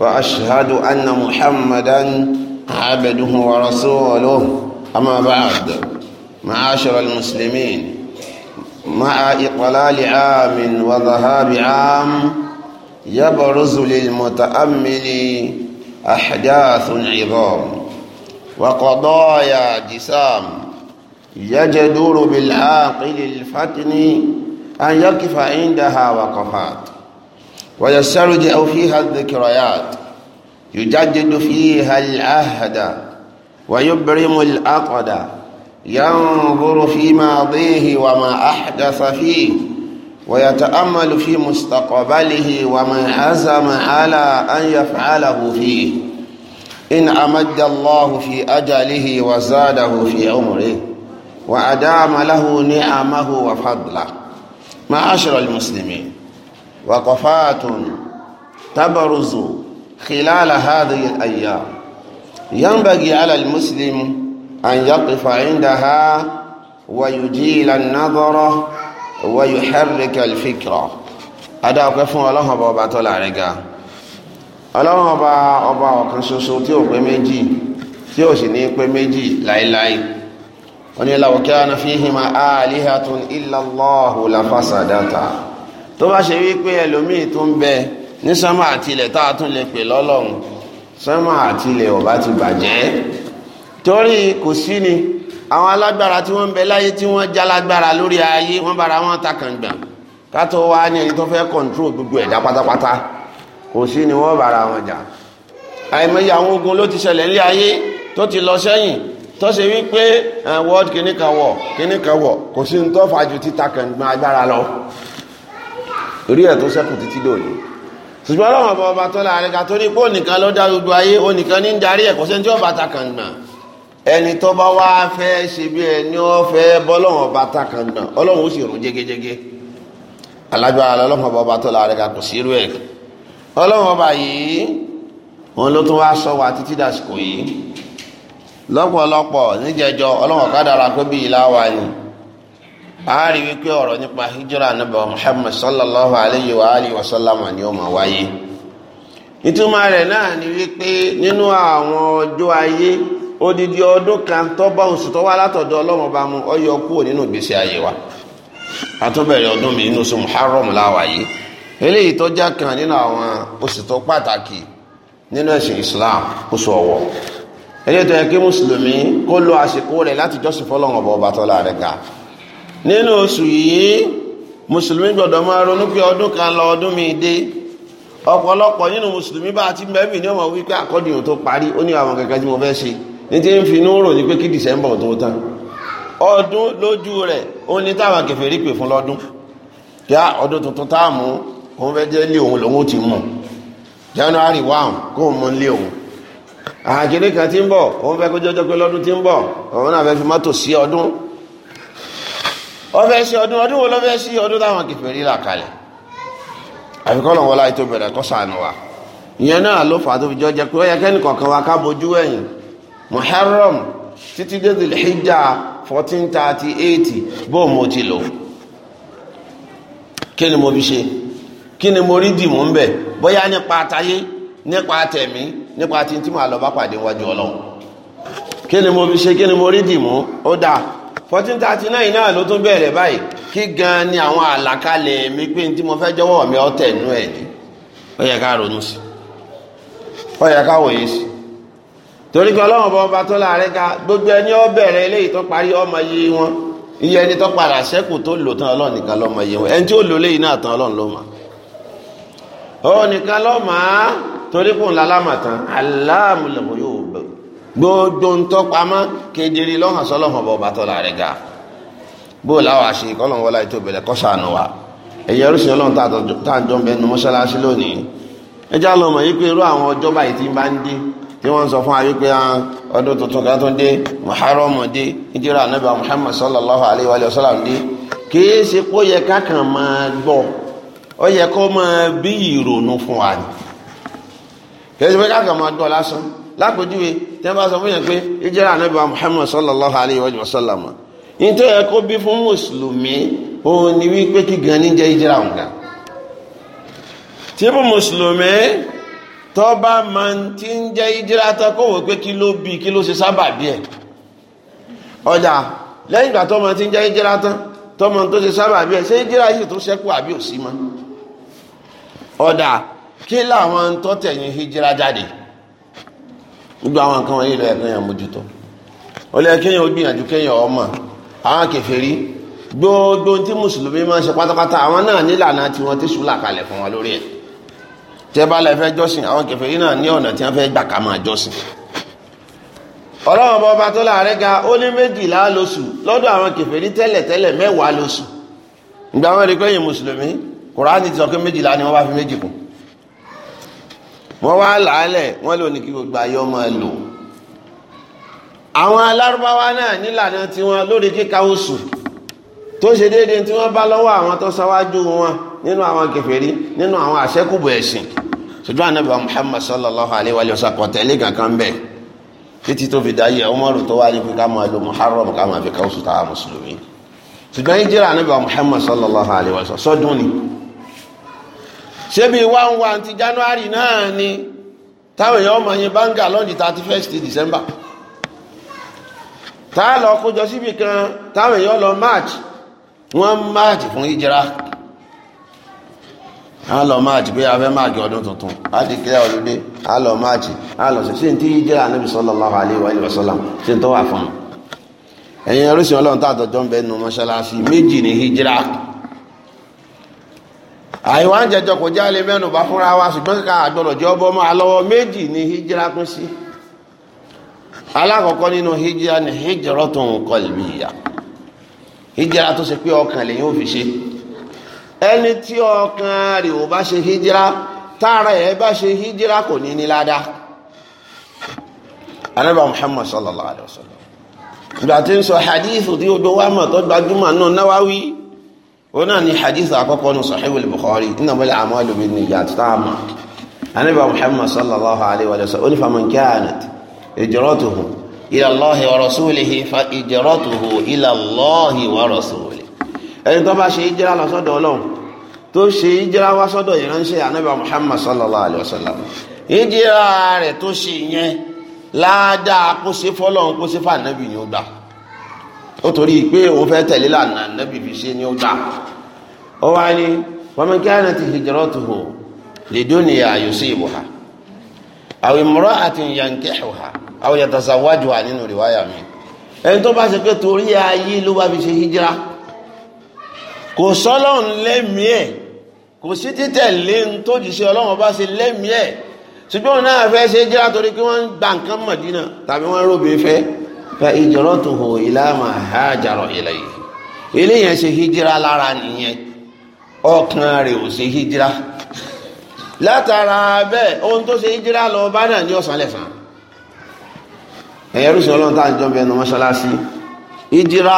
وأشهد أن محمدا عبده ورسوله أما بعد معاشر المسلمين مع إطلال عام وذهاب عام يبرز للمتأمل أحداث عظام وقضايا جسام يجدر بالعاقل الفتن أن يقف عندها وقفات ويسترجع فيها الذكريات يجدد فيها العهد ويبرم العقد ينظر في ماضيه وما أحدث فيه ويتأمل في مستقبله وما عزم على أن يفعله فيه إن أمد الله في أجله وزاده في عمره وأدام له نعمه وفضله معاشر المسلمين وقفات تبرز خلال هذه الأيام ينبغي على المسلم أن يقف عندها ويجيل النظر ويحرك الفكرة هذا وقف الله بابا طلع رجاء الله بابا بابا كان سوسوتي وقمجي tí ó sì ní pé méjì láíláí onílàwọ̀kẹ́ àná fíhìmá àlìhàtún tó bá ṣe wípé ẹlòmíì tó ń bẹ ní sánmà àti ilẹ̀ tá a tún lè pè lọ́lọ́run sánmà àti ilẹ̀ ọba ti bàjẹ́ torí kò sí ni àwọn alágbára tí wọ́n ń bẹ láyé tí wọ́n jálágbára lórí ayé wọ́n bára wọn takàngbà ká tó wá ní ẹni tó fẹ́ kọ̀ǹtró gbogbo ẹ̀dá pátápátá kò sí ni wọ́n bára wọn jà àìmọye àwọn ogun ló ti ṣẹlẹ̀ nílé ayé tó ti lọ sẹ́yìn tó ṣe wípé eh, world kìnnìkan wọ̀ kìnnìkan wọ̀ kò sí ní tó fàájú títa kàngbà agbára lọ. orí ẹ̀ tó sẹ́kù títí dòní ṣùgbọ́n ọlọ́run ọba ọba tọ́lá àríkà tó ní pé ònìkan ló dá gbogbo ayé ònìkan ní ń darí ẹ̀kọ́ sẹ́ni tí ọba takàngbà ẹni tó bá wá fẹ́ ṣe bí ẹni ọ fẹ́ bọ́lọ́run ọba takàngbà ọlọ́run ó sì rún ọba tọ́lá àríkà kò sí irú ẹ̀ ọba yìí òun ló tún wá sọ wa títí dàsìkò yìí lọ́pọ̀lọpọ̀ bíi láwa ni a rí wípé ọ̀rọ̀ nípa hijira níbà muhammad sallallahu alayhi wa alihi wa sallam ni ó máa wáyé ìtumọ̀ rẹ̀ náà ni wípé nínú àwọn ọjọ́ ayé odidi ọdún kan tó bá oṣù tó wá látọ̀dọ̀ ọlọ́mọba mu ó yọ kúrò nínú ìgbésí ayé wa a tún bẹ̀rẹ̀ ọdún mi nínú oṣù muharram láwàyé eléyìí tó islam oṣù eléyìí tó yẹ kí mùsùlùmí kó lo àsìkò rẹ̀ láti jọ́sìn ọba ọba nínú oṣù yìí mùsùlùmí gbọ́dọ̀ máa ronú pé ọdún kan lọ ọdún mi dé ọ̀pọ̀lọpọ̀ nínú mùsùlùmí bá ti mẹ́bì ní ọmọ wípé àkọ́dìyàn tó parí ó ní àwọn tí fẹ́ ṣe ní ń fi inú ní pé kí tó tán ọdún lójú rẹ̀ ó ní táwọn rí pè fún ọdún tuntun táàmù òun lé òun lòun ọdún ọfẹ́ sí ọdún ọdún wo ló fẹ́ sí ọdún táwọn kèfèrí là kalẹ̀ àfikọ́nà wọlá ètò bẹ̀rẹ̀ kọ́ sànù wa ìyẹn náà ló fà á tó fi jọ jẹ pé ó yẹ kọ̀ọ̀kan wa ká ẹ̀yìn Muharram títí dé Dhul bó mo ti lò kí ni mo fi ṣe kí ni mo rí ń bóyá nípa àtayé nípa tẹ̀mí nípa tí tí lọ bá pàdé wájú Ọlọ́run kí ni mo fi ṣe kí ni fourteen thirty nine náà ló tún bẹ̀rẹ̀ báyìí kí gan ni àwọn àlàkalẹ̀ mi pé ní tí mo fẹ́ jọ̀wọ́ mi ọ̀tẹ̀ nú ẹ̀ ni ó yẹ ká ronú sí ó yẹ ká wòye sí torí pé ọlọ́run bá ọba tó láàrin ká gbogbo ẹni ó bẹ̀rẹ̀ eléyìí tó parí ọmọ iye wọn iye ẹni tó padà sẹ́kù tó lò tán ọlọ́run nìkan lọ́mọ iye wọn ẹni tí ó lò léyìí náà tán ọlọ́run ló mà ó nìkan lọ́mọ torí kùn lálámà tán aláàmúlẹ̀ kò yóò gbogbo ntọ́ pamọ́ kedere lọ́hàn sọ́lọ́hàn bọ̀ bàtọ́ la rẹ̀ ga bó o láwọn àṣe kọ́lọ́n wọlé tó bẹ̀rẹ̀ kọ́ sànù wa ẹ̀yẹ oríṣi ọlọ́run tá à ń jọ ń bẹnu mọ́ṣáláṣí lónìí ẹ ruo awọn mọ̀ yí pé irú àwọn ti tí sọ fún ah, ọdún tuntun kan tó dé muharram dé muhammad sallallahu alayhi wa sallam dé kìí ṣe yẹ lápèjúwe tẹ́ bá sọ fún yẹn pé ìjẹ́rà ànábì wa Muhammad sallallahu alayhi wa sallam ní yẹ kó bí fún mùsùlùmí òun ni wípé kí gan ní jẹ́ ìjẹ́rà òun mùsùlùmí bá máa ti ń jẹ́ ìjẹ́rà kó wò pé kí ló bí kí ló ṣe sábà bí ẹ̀ ọjà lẹ́yìn ìgbà tó máa ti ń jẹ́ ìjẹ́rà tán máa tó ṣe sábà bí ẹ̀ ṣé ìjẹ́rà yìí tó ṣẹ́kù gbogbo àwọn nǹkan wọ̀nyí lọ́yẹ̀ kéèyàn mójútó ó lẹ́yìn kéèyàn ó gbìyànjú kéèyàn ọmọ àwọn kèfèrí gbogbo tí mùsùlùmí máa ń ṣe pátápátá àwọn náà nílànà tí wọ́n ti sùúlà kalẹ̀ fún wọn lórí ẹ̀ tẹ́ bá lẹ fẹ́ jọ́sìn àwọn kèfèrí náà ní ọ̀nà tí wọ́n fẹ́ gbà ká máa jọ́sìn ọlọ́run bọba tó láàrẹ́ ga ó ní méjìlá lóṣù lọ́dọ̀ àwọn kèfèrí tẹ́lẹ̀tẹ́lẹ̀ mẹ́wàá lóṣù ìgbà wọn rí pé mùsùlùmí kùránì ti sọ pé méjìlá ni wọ́n bá fi méjì kù wọ́n wá làálẹ̀ wọ́n lò ní kí gbogbo ayé ọmọ ẹ lò àwọn alárúbáwá náà nílànà tí wọ́n lórí kíka oṣù tó ṣe déédéé tí wọ́n bá lọ́wọ́ àwọn tó ṣáwájú wọn nínú àwọn kèfèrí nínú àwọn àṣẹ́kùbọ̀ ẹ̀sìn ṣùgbọ́n anábì Muhammad sallallahu alayhi wa sallam kò tẹ̀lé kankan bẹ́ẹ̀ títí tó fi dáyé Umaru tó wá ní pé ká máa lo Muharram ká fi ká oṣù mùsùlùmí ṣùgbọ́n ìjírà anábì sallallahu alayhi wa sallam sọ́dún ni ṣébi one one ti january náà ni táwọn èèyàn ọmọ yẹn báńgà lọ́ọ̀dì thirty first december tá a lọ kójọ síbi kan táwọn èèyàn lọ march wọ́n march fún ìjìra a lọ máàjì pé a fẹ́ máàjì ọdún tuntun a ti kílẹ̀ olóde a lọ máàjì a lọ sí ṣe ń tí jẹ́ ànábì sallallahu alaihi wa sallam ṣe ń tọ́wà fún un ẹ̀yin ẹrúsìn ọlọ́run tá àtọ̀jọ́ ń bẹ nu mọ́ṣáláṣí méjì ní hijira àìwá ń jẹjọ kò jálè mẹ́nu bá fúnra wa ṣùgbọ́n ká àgbọ̀nà jẹ́ ọbọ̀ máa lọ́wọ́ méjì ni hijira pín sí alákọ̀ọ́kọ́ nínú hijira ni hijira tó ń kọ ìlú ìyá hijira tó ṣe pé ọkàn lèyìn ò fi ṣe ẹni tí ọkàn rẹ̀ ò bá ṣe hijira tára ẹ̀ bá ṣe hijira kò ní ní ládàá anábà Muhammad sallallahu alayhi wa sallam ìgbà tí ń sọ hadith tí ó gbọ́ wá tó gbajúmọ̀ náà náwáwí ona ni hadith àkọ́kọ́ nu sahih al-bukhari innamal a'malu binniyat tama anabi muhammad sallallahu alaihi wa sallam fa man kanat hijratuhu ila allah wa rasulihi fa hijratuhu ila allah wa rasulihi ẹni tó bá ṣe hijra lọ sọ́dọ̀ Ọlọ́hun tó ṣe hijra wá sọ́dọ̀ ìránṣẹ́ anabi muhammad sallallahu alaihi wa sallam hijra rẹ̀ tó ṣe yẹn láàdá kó ṣe fọ́lọ́hun kó ṣe fa anabi yóò gbà ó torí pé òun fẹ́ tẹ̀lé lànà nẹ́bí fi ṣe ni ó gbà ó wá ní waman kanat hijratuhu lidunya yusibuha aw imra'atin yankihuha aw yatazawwajuha nínú rìwáyà mi ẹni tó bá ṣe pé torí ayé ló bá fi ṣe hijira kò sọ́lọ́n lẹ́mìí ẹ̀ kò sí títẹ̀lé ń tó jìṣẹ́ ọlọ́run bá ṣe lẹ́mìí ṣùgbọ́n náà fẹ́ ṣe hijira torí pé wọ́n ń nǹkan Mádínà tàbí wọ́n róbe fẹ́ fa ìjọ́rọ̀tòhò ìlàmà hájàrọ̀ ilẹ̀ yìí eléyàn ṣe hijira lára nìyẹn ọkàn rẹ̀ ò ṣe hijira látara bẹ́ẹ̀ ohun tó ṣe hijira lọ bá náà ní ọ̀sán lẹ́sàn ẹ̀yẹ rúṣin ọlọ́run tá à ń jọ bẹnu mọ́ṣáláṣí hijira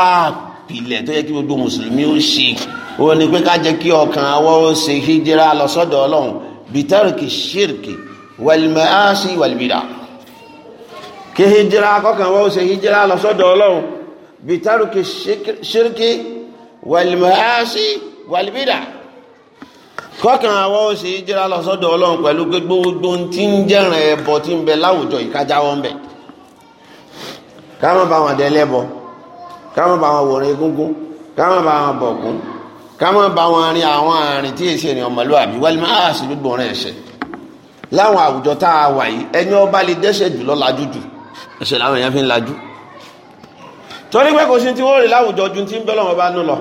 pilẹ̀ tó yẹ kí gbogbo mùsùlùmí ó ṣe òun ni pé ká jẹ́ kí ọkàn àwọn ó ṣe hijira lọ sọ́dọ̀ ọlọ́run bìtẹ́rìkì ṣírkì wàlìmẹ́ásì wàlìbìdà kí hijira kọkàn wọ́n ṣe hijira lọ sọ́dọ̀ ọlọ́run bí tárùkì ṣírkì wàlìmọ̀áṣí wàlìbídà kọkàn wọ́n ṣe hijira lọ sọ́dọ̀ ọlọ́run pẹ̀lú gbogbo tí ń jẹ́rìn ẹbọ tí ń bẹ láwùjọ ìkájáwọ́ ń bẹ ká má bá wọn dẹ́lẹ́bọ ká má bá wọn wòrán egúngún ká má bá wọn bọ̀gún ká bá wọn rin àwọn àrìn tí èsì ènìyàn mọ̀lúwàbí wàlìmọ̀áṣí gbogbo rẹ̀ ṣẹ̀ láwọn àwùjọ tá a wà yìí ẹni ọba lè dẹ́ṣẹ̀ jù lọ́la ẹ̀ṣẹ̀ làwọn èèyàn fi ń lajú torí pé kò sí tí wọ́n rí láwùjọ ju tí ń bẹ́ lọ́wọ́ bá nú lọ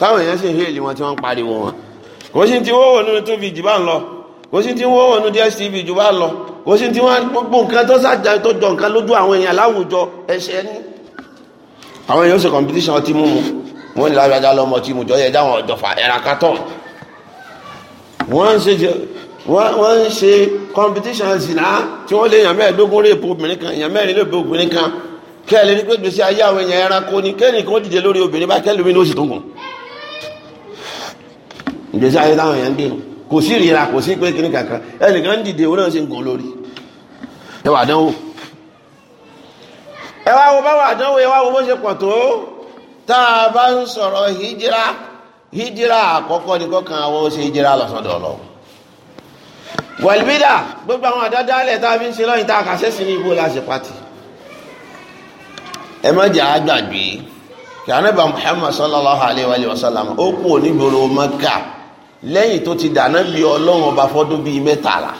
táwọn èèyàn sì ń hèlì wọn tí wọ́n ń pariwo wọn kò sí tí wọ́n wò nínú tó fi jù bá ń lọ kò sí tí wọ́n wò nínú DSTV jù bá ń lọ kò sí tí wọ́n gbogbo nǹkan tó sàjà tó jọ nǹkan lójú àwọn èèyàn láwùjọ ẹ̀ṣẹ̀ ní. àwọn èèyàn ó ṣe competition ọtí mímu wọn ní lábẹ́jà lọ́mọ tí mo jọ yẹ dáwọn ọ̀dọ̀fà ẹ̀rà kátọ̀ ń ṣe competition zina tí wọ́n lé èèyàn mẹ́ẹ̀ẹ́dógún rèpo obìnrin kan èèyàn mẹ́rin rèpo obìnrin kan kẹ́ẹ̀lẹ́ ní pé gbèsè ayé àwọn èèyàn ẹranko ni kẹ́ẹ̀nì kan dìde lórí obìnrin bá kẹ́ẹ̀lẹ́ mi ní oṣù tó gùn gbèsè ayé táwọn èèyàn ń dèrò kò sí ìrira kò sí pé kíní kankan ẹnìkan ń dìde òun náà ṣe ń gùn lórí ẹ wà dánwò ẹ wá wo báwọn àdánwò ẹ wá wo bó ṣe pọ̀ tó tá a bá ń sọ̀rọ̀ hijira hijira àkọ́kọ́ ni kọ́kàn àwọn ó ṣe hijira lọ́sọ̀dọ̀ ọlọ́run wàlbídà gbogbo àwọn àdádá alẹ̀ tá a fi ń ṣe lọ́yìn tá a kà sẹ́sìn ní ibo láṣẹ pati ẹ má jẹ́ àgbàgbé kí anábà Muhammad sallallahu alayhi wa sallam ó kú onígboro Mẹ́kà lẹ́yìn tó ti dáná bí ọlọ́run ọba fọ́dún bíi mẹ́tàlá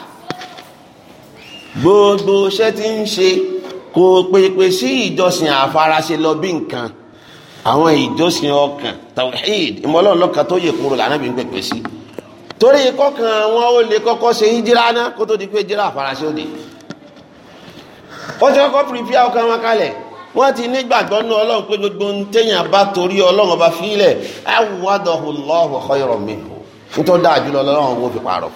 gbogbo iṣẹ́ tí ń ṣe kò pèpè sí ìjọsìn àfaraṣe lọ bí nǹkan àwọn ìjọsìn ọkàn tawhid ìmọ̀lọ́ọ̀lọ́kan tó yẹ kúrò lànà bí ń pèpè sí i torí kọkàn wọn ó lè kọ́kọ́ ṣe hijira náà kó tó di pé hijira àfaraṣẹ́ òde ó ti kọ́kọ́ pìrìpì ọkàn wọn kalẹ̀ wọ́n ti nígbàgbọ́ ní ọlọ́run pé gbogbo ń téèyàn bá torí ọlọ́run ọba fílẹ̀ awadahu Allahu khayran minhu nítorí dáa jùlọ ọlọ́run owó fi pààrọ̀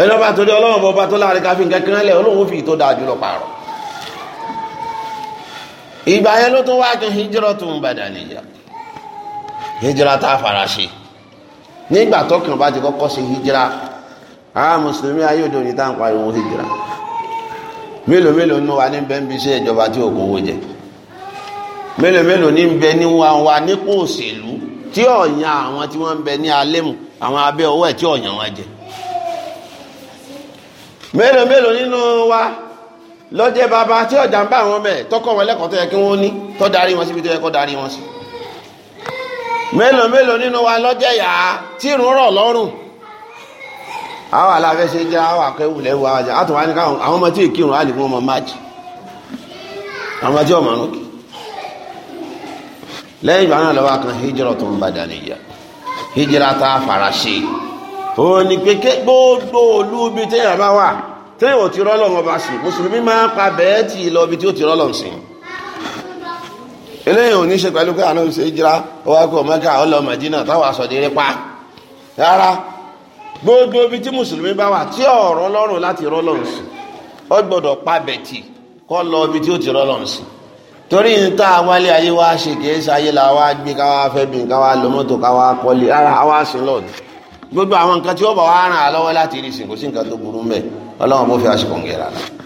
ẹni ọba torí ọlọ́run ọba tó láàrin káfíń kankan lẹ̀ ọlọ́run ó fi tó dáa jùlọ pààrọ̀ ìgbà yẹn ló tún wá kan hijratun badaniyya hijira tá a fara ṣe nígbà tọkàn bá ti kọ́kọ́ ṣe hijira Ah, mùsùlùmí ayé òde òní táwọn pariwo hijira mélòó mélòó ní wa ní bẹ́ẹ̀ ń bí iṣẹ́ ìjọba tí ò kówó jẹ mélòó mélòó ní bẹ ní wa wa nípò òṣèlú tí ọ̀yàn àwọn tí wọ́n ń bẹ ní alẹ́mù àwọn abẹ́ ọwọ́ ẹ̀ tí ọ̀yàn wọn jẹ mélòó mélòó nínú wa lọ́jẹ́ bàbá tí ọ̀jà ń bá àwọn ọmọ ẹ̀ tọ́kọ̀ wọn lẹ́kọ̀ọ́ tó yẹ kí wọ́n ní tó darí wọn síbi tó yẹ kó darí wọn sí. mélòó mélòó nínú wa lọ́jẹ̀yà tí ìrún rọ̀ lọ́rùn àwọn aláfẹ́ ṣe jẹ́ àwọn akẹ́wùlẹ̀ wà á tún wá ní káwọn àwọn ọmọ tí ìkírun á ọmọ àwọn ọmọ tí kì kan hijira tó ń nìyà hijira tá a fara ṣe òun ni pé gbogbo olú ibi téèyàn bá wà téèyàn ò ti rọ́lọ́run ọba sí mùsùlùmí máa ń pa bẹ́ẹ̀ tì lọ ti rọ́lọ́run sí eléyìí ò ní ṣe pẹ̀lú pé ṣe jira ọwọ́ akọ mẹ́ka ọlọ Mẹdínà táwọn asọ̀dẹ́rẹ́ pa rárá gbogbo ibi tí mùsùlùmí bá wà tí ọ̀rọ̀ lọ́rùn láti rọ́lọ́run ọ gbọ́dọ̀ pa bẹ̀tì kọ́ lọ ibi tí ó ti rọ́lọ́run torí ní tá a ayé wa ṣe kìí ṣe ayé la gbé ká fẹ́ bí ká mọ́tò ká gbogbo àwọn nǹkan tí ó bọ̀ wá ràn án lọ́wọ́ láti rí sìnkú sí nǹkan tó burú mẹ́ ọlọ́run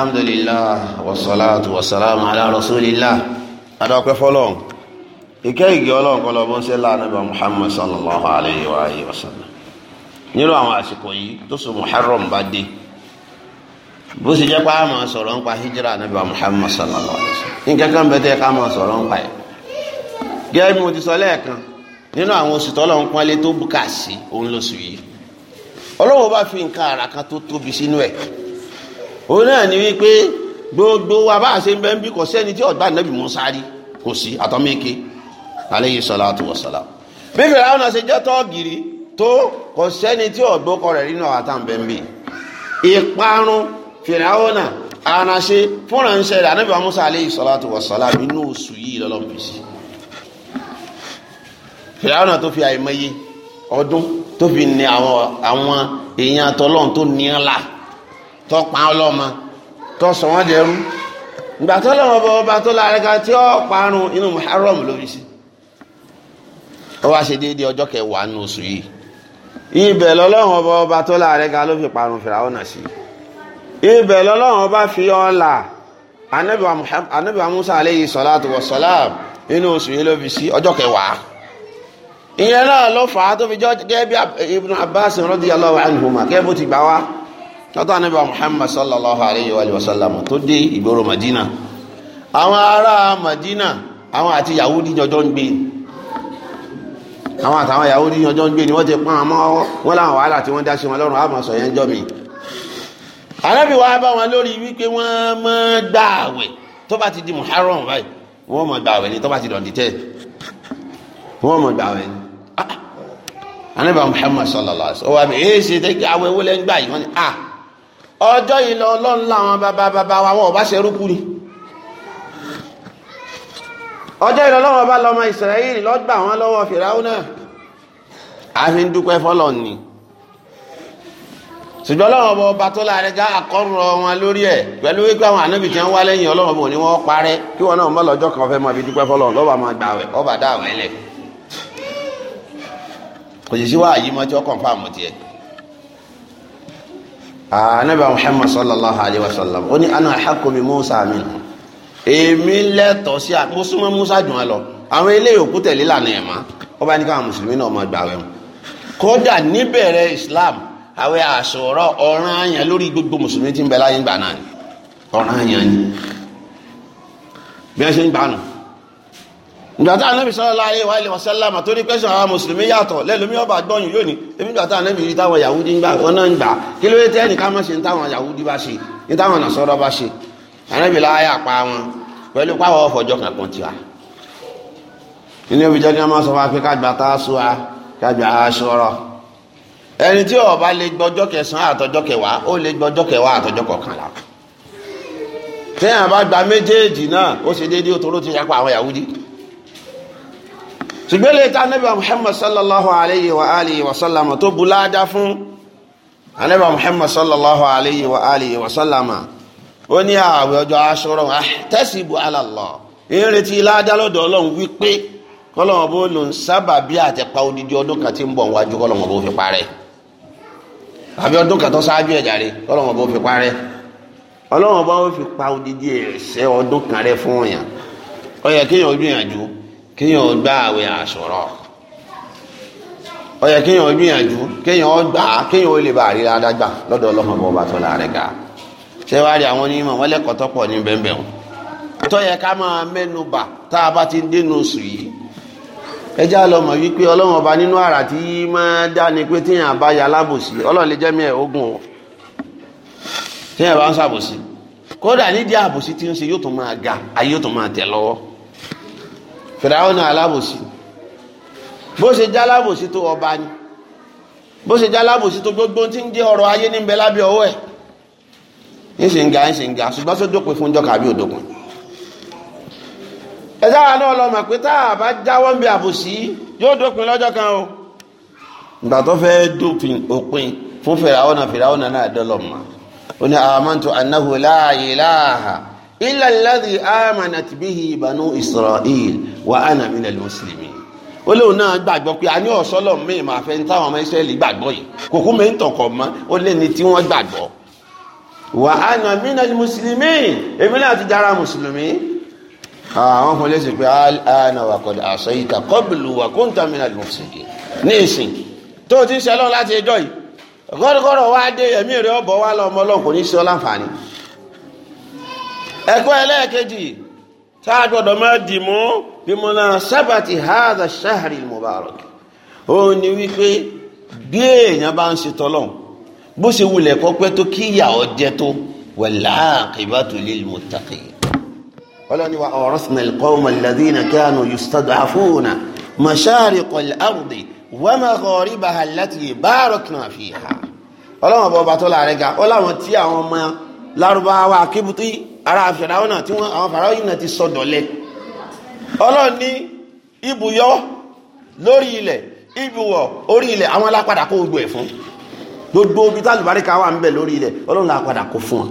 alhamdulillah wasalaatu wasalaamu ala rasulillah adọ́pẹ́ fọlọ́n ìkẹ́ ìgẹ́ ọlọ́run kọ́ lọ́bọ́n ṣe lánàbà muhammad sallallahu alayhi wa alayhi wa sallam nínú àwọn àsìkò yìí tó so muharram bá dé bó ṣe jẹ́ pé a máa sọ̀rọ̀ nípa hijira nàbà muhammad sallallahu alayhi wa sallam nǹkan kan bẹ́ẹ̀ tẹ́ ká máa sọ̀rọ̀ nípa ẹ̀ gẹ́gẹ́ bí mo ti sọ lẹ́ẹ̀kan nínú àwọn oṣù tọ́lọ́run pọ́nlé tó bùkà sí òun lóṣù yìí ọlọ́wọ́ bá fi nǹkan àrà tó tóbi sínú ẹ̀ òun náà ni wípé gbogbo wa bá a ṣe ń bẹ́ ń bí kò sẹ́ni tí ọ̀gbà nẹ́bí Musa rí kò sí àtọ́mẹ́kẹ́ aleyhi salatu wa salam bí Fìràwọn ṣe jẹ́ tọ́ọ̀gìrì tó kò sẹ́ni tí ọ̀gbọ́kọ rẹ̀ nínú àwọn àtàǹbẹ̀ǹbì ìparun Fìràwọn àránṣe fúnra ń ṣẹlẹ̀ ànábì Musa aleyhi salatu wa salam inú oṣù yìí lọ́lọ́mùsí Fìràwọn tó tó ní àwọn èèyàn tó pa ọlọ́mọ wọ́n ọba ọba tó tí ó parun inú muharram ló sí ó wá ṣe déédéé ọjọ́ kẹwàá nínú ọba ọba tó lárẹ́ka ló fi parun fìràwọ́nà sí ibẹ̀ lọ́lọ́wọ́ ọba fi ọ̀la anabi musa aleyhi salatu inú oṣù yìí ló fi sí ọjọ́ kẹwàá ìyẹn náà ló fà á tó fi jọ́ gẹ́gẹ́ bí látà níbi Muhammad sallallahu alayhi wa sallam tó dé ìgboro Madina àwọn ará Madina àwọn àti Yahudi jọjọ ń gbé àwọn àtàwọn Yahudi jọjọ ń gbé ni wọ́n ti pọ́n àmọ́ wọ́n láwọn wàhálà tí wọ́n dá sí wọn lọ́rùn àmọ́ sọ yẹn jọ mi Ànábì wa bá wọn lórí wípé wọ́n máa gbààwẹ̀ tó bá ti di Muharram báyìí wọ́n máa gbààwẹ̀ ni tó bá ti dọ̀ndì tẹ́ wọ́n máa gbààwẹ̀ ni ah, ah. Ànábì Muhammad sallallahu alayhi wa sallam ó wà mí èé ṣe tẹ́kí àwẹ̀ wọlé ń gbà yìí wọ́n ni ah ọjọ́ ìlọ ọlọ́run láwọn bàbá bàbá wa wọn ọba ṣerúkú ni ọjọ́ ìlọ ọlọ́run ọba lọmọ ìsìrẹ́yìn lọ́gbà wọn lọ́wọ́ fìràúnà àfi ń dúpẹ́ fọ́lọ̀ ni ṣùgbọ́n ọlọ́run ọba ọba tó láàrin já àkọ́rọ̀ wọn lórí ẹ̀ pẹ̀lú wípé àwọn ànábì tí wọ́n wá lẹ́yìn ọlọ́run ọba ò ní wọ́n parẹ́ kí wọn náà mọ́ lọ́jọ́ kan anabi ah, muhammad sallallahu alayhi wa sallam ó ní ana hakobi musa mi èmi lẹ́tọ̀ọ́ sí mo súnmọ́ musa jùmọ̀ lọ àwọn eléyìí òkú tẹ̀lé lànà ẹ̀ mọ́ ó bá ní káwọn mùsùlùmí náà máa gbà wẹ̀mù kódà níbẹ̀rẹ̀ islam àwẹ̀ àṣọ̀rọ̀ ọ̀ràn àyàn lórí gbogbo mùsùlùmí tí ń bẹ láyé gbà náà ọ̀ràn àyàn ni bí wọ́n ṣe ń gbà náà gbàtà anábì sallallahu alaihi wa alihi wa sallam torí pé sọ̀rọ̀ mùsùlùmí yàtọ̀ lẹ́lómi ọba gbọ́yìn yóò ní ebi gbàtà anábì yìí táwọn yahudi gbà wọn náà ń gbà kí ló dé ká má ṣe táwọn yahudi bá ṣe ní táwọn nàṣọ́rọ́ bá ṣe anábì wọn pẹ̀lú ọ̀fọ̀jọ́ kankan sọ fún wa pé a sọ wa kájọ a ẹni tí ó lè gbọ́jọ́ kẹsàn tẹ́yìn àbá gba méjèèjì náà yahudi ṣùgbọ́n lè ta anábìwá muhammad sallallahu alayhi wa alihi wa sallam tó bu láàdá fún anábìwá muhammad sallallahu alayhi wa alihi wa sallam ó ní ààwẹ̀ ọjọ́ aṣọ́rọ̀ tẹ́síbù alallah ìrètí láàdá lọ́dọ̀ ọlọ́run wípé kọ́lọ́wọ́n bó lò ń sábà bí àtẹ̀pá odidi ọdún kan tí ń bọ̀ wájú kọ́lọ́wọ́n bó fi parẹ́ àbí ọdún kan tó ṣáájú ẹ̀jà rẹ kọ́lọ́wọ́n bó fi parẹ́ ọlọ́wọ́n bó fi pa odidi ẹ̀ṣẹ̀ ọdún kan rẹ fún ọ̀yàn ó kéèyàn ojú ìyànjú kéèyàn gba àwẹ̀ àṣọ̀rọ̀ ó kéèyàn gbìyànjú kéèyàn gbà á kéèyàn ó lè bá àríra dágbà lọ́dọ̀ ọlọ́mọ bọ́ bá tọ́lá rẹ̀ ga ṣé rí àwọn onímọ̀ wọ́n lẹ́kọ̀ọ́ pọ̀ ní bẹ́ẹ̀ ká máa mẹ́nu ti dénú oṣù yìí ẹ já lọ mọ̀ wípé nínú àrà tí máa dá ni pé téèyàn bá ya o fìràwọnà alábòsí bó ṣe já alábòsí tó ọba ni bó ṣe já alábòsí tó gbogbo tí ń jẹ́ ọrọ̀ ayé ní bẹ lábẹ́ ọwọ́ ẹ̀ ń ṣe ń ga ń ṣe ń ga ṣùgbọ́n tó dópin fún jọ́ka bí òdòkun ẹ̀sá wa náà lọ́mọ̀ pé tá a bá jáwọ́ ń bí àbòsí yóò dópin lọ́jọ́ kan o ìgbà tó fẹ́ dópin òpin fún fìràwọnà fìràwọnà náà dọ́lọ́mà ó ní àmọ́ntò annahu la ilaha إلا الذي آمنت به banu إسرائيل وأنا من المسلمين. muslimin ó lóun náà gbàgbọ́ pé a ní ọ̀sọ́lọ̀ míì máa fẹ́ táwọn ọmọ israẹli gbàgbọ́ yìí kòkó mi ń tọkọ̀ mọ́ ó lé ní tí wọ́n gbàgbọ́ wa ana minal muslimin èmi náà ti dára mùsùlùmí àwọn fún lẹ́sìn pé àánà wà kọ̀dà àṣọyíta kọ́bìlù wà kóńtà minal muslimin ní ìsìn tó o ti ń ṣẹlọ́ láti ẹjọ́ yìí gọ́dọ̀gọ́dọ̀ wá dé ẹ̀mí rẹ̀ ọ ẹ̀kọ́ ẹlẹ́ẹ̀kejì tá a gbọ́dọ̀ máa dì mú bí mo náà sábàtì hadha shahri mubarak ó ní wípé bí èèyàn bá ń ṣe tọ́lọ̀ bó ṣe wulẹ̀ kọ́ pẹ́ tó kí ìyà ọ jẹ tó wal aqibatu lil muttaqin ọlọ́ni wa awrasna al-qawma alladhina kanu yustad'afuna mashariqa al-ardi wa magharibaha allati barakna fiha ọlọ́wọ́n bọ̀ bàtọ́ làárẹ̀ ga ọlọ́wọ́n tí àwọn ọmọ lárúbáwá kébùtì ara fìràwọ̀ náà tí wọ́n àwọn fìràwọ̀ yìí náà ti sọdọ̀lẹ́ ọlọ́run ní ibùyọ lórí ilẹ̀ ibùwọ̀ orí ilẹ̀ àwọn alápadà kó gbogbo ẹ̀ fún gbogbo ibi tá àlùbáríkà wà ń bẹ lórí ilẹ̀ ọlọ́run lápadà kó fún wọn.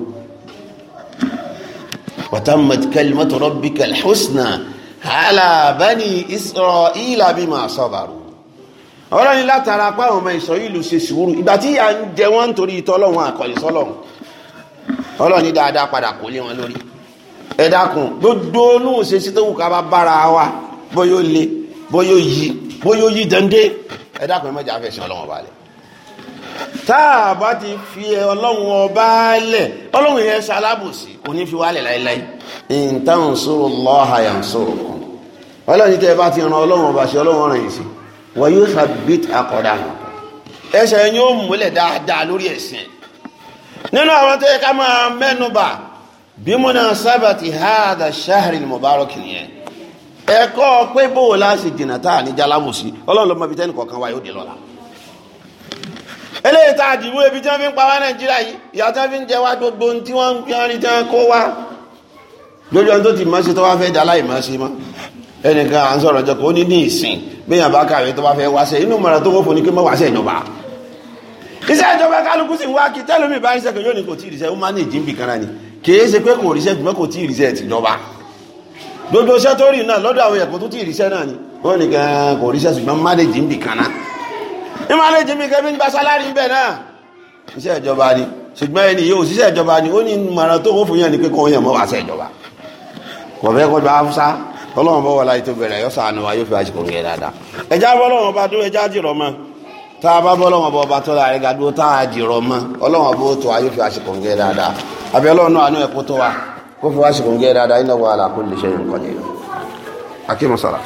وتمت كلمة ربك الحسنى على بني إسرائيل بما صبروا ọlọ́run látara apá àwọn ọmọ ìsọ̀yìlù ṣe sùúrù ìgbà tí à ń jẹ wọ́n nítorí ìtọ́lọ́wọ́n àkọlẹ̀ ọlọ́run ní dáadáa padà kó lé wọn lórí ẹ dákun gbogbo onú òṣèṣì tó wù ká bá bára wa bóyá ó le bóyá ó yí bóyá ó yí dande ẹ dákun ẹ mọ̀jà fẹ̀sìn ọlọ́run ọba lẹ̀ tá a bá ti fi ọlọ́run ọba lẹ̀ ọlọ́run yẹn ṣalábòsí kò ní fi wálẹ̀ láéláé intansurullaha yansurukum ọlọ́run tẹ́ ẹ bá ti ran ọlọ́run ọba ṣe ọlọ́run ràn yìí sí wọ́n yóò ṣàbít àkọ́dá ẹsẹ̀ yóò múlẹ̀ dáadáa lórí ẹ̀sìn nínú àwọn tó yẹ ká máa mẹ́nubà bí mo náà sábà ti há àdá ṣáàrin mubarak nìyẹn ẹ̀kọ́ pé bóò láti dènà tá à ní jálámù sí ọlọ́run ló mọ ibi tẹ́nì kọ̀ọ̀kan wa yóò dé lọ́la eléyìí tá a dìbò ibi tí wọ́n fi ń pa wá nàìjíríà yìí ìyà tí wọ́n fi ń jẹ wá gbogbo ohun tí wọ́n ń rí tí wọ́n kó wá lójú ohun tó ti máa ṣe tó wá fẹ́ dá láì máa mọ́ ẹnìkan à ń sọ̀rọ̀ jọ kó ní ní ìsìn bí yàn bá kàwé tó wá fẹ́ wáṣẹ́ inú mọ̀ràn tó wọ́pọ̀ ní kí mọ́ wáṣẹ́ ìjọba iṣẹ́ ìjọba kálukú sì wá kí tẹ́lómi bá ń sẹ́kẹ̀ yóò ní kò tí ìrìṣẹ́ ó máa ní ìjínbì kan náà ni kìí ṣe pé kò ríṣẹ́ ṣùgbọ́n kò tí ìrìṣẹ́ ti jọba gbogbo iṣẹ́ tó rí náà lọ́dọ̀ àwọn ẹ̀kọ́ tó tí ìrìṣẹ́ náà ni ó ní kan ah, kò ríṣẹ́ ṣùgbọ́n má lè jínbì kan náà ní má lè jínbì kan ni ṣùgbọ́n ẹni yóò ṣiṣẹ́ ìjọba ni ó ní mara tó kó fún yẹn ni pé kò yẹn mọ́ wá ṣẹ́ ìjọba kò fẹ́ kó gba haúsá ọlọ́run bọ́ wọlá ètò bẹ̀rẹ̀ yọ sànù wa yóò ń gẹ̀ dáadáa ẹja bọ́ ọlọ́run bá dún ẹja jìrọ̀ mọ́ tá a bá bọ́ ọlọ́wọ́n bọ́ ọba tó otu rẹ̀ gàdúró tá a jìrọ̀ mọ́ ọlọ́wọ́n bó tó fi àsìkò ń dáadáa àbí ọlọ́run náà àánú wa kó fi wá àsìkò ala kulli shay'in qadir akéwòn